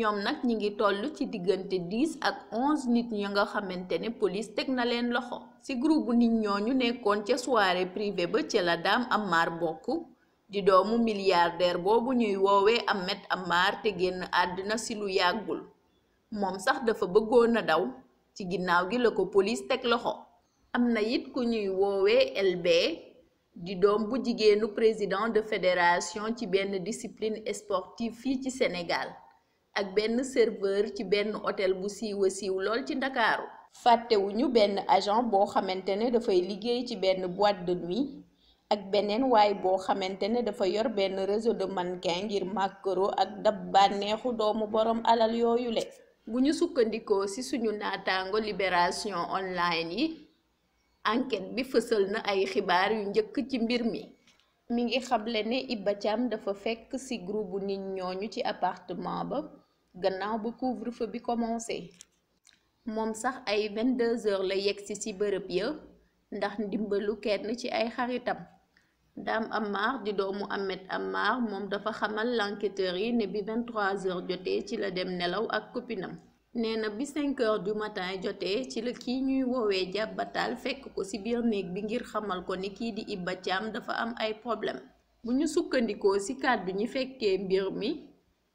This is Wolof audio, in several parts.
ñoom nag ñi ngi toll ci diggante 10 ak 11 nit ñi nga xamante ne police teg na leen loxo ci groupe nit ñooñu nekkoon ca soirée privée ba ci la Dame Amar bokk di doomu milliardaire boobu ñuy woowee Ahmed Amar te génn àddina si lu yàggul moom sax dafa bëggoon a daw ci ginnaaw gi la ko police teg loxo am na it ku ñuy woowee LB di doom bu jigéenu président de fédération ci benn discipline sportive fii ci Sénégal ak benn serveur ci benn hôtel bu siiwa siiw lool ci ndakaaru fàttewuñu benn agent boo xamante ne dafay liggéey ci benn boîte de nuit ak beneen waay boo xamante ne dafa yor benn réseau de mannequin ngir màkkaro ak dab bànneexu doomu boroom alal yooyu le bu ñu sukkandikoo ci suñu naataango libération online yi enquête bi fësal na ay xibaar yu njëkk ci mbir mi mi ngi xamle ne Iba Thiam dafa fekk ci group bu nit ñooñu ci appartement ba gannaaw ba couvre-feu bi commencé moom sax ay 22 heures la yegsi ci bërëb ya ndax ndimbalu kenn ci ay xaritam Dame Amar di doomu Ahmed Amar moom dafa xamal l'enquêteur yi ne bi 23 heures jotee ci la dem nelaw ak copinam nee na bi 5 heures du matin jotee ci la kii ñuy woowee jàbbataal fekk ko ci biir néeg bi ngir xamal ko ni kii di Iba Thiam dafa am ay problème bu ñu sukkandikoo ci kàddu ñi fekkee mbir mi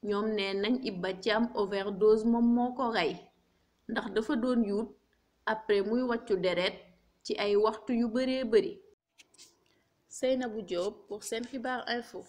ñoom nee nañ Iba Thiam overdose moom moo ko rey ndax dafa doon yuut après muy wàccu deret ci ay waxtu yu baree bari bu Diop pour seen xibaar info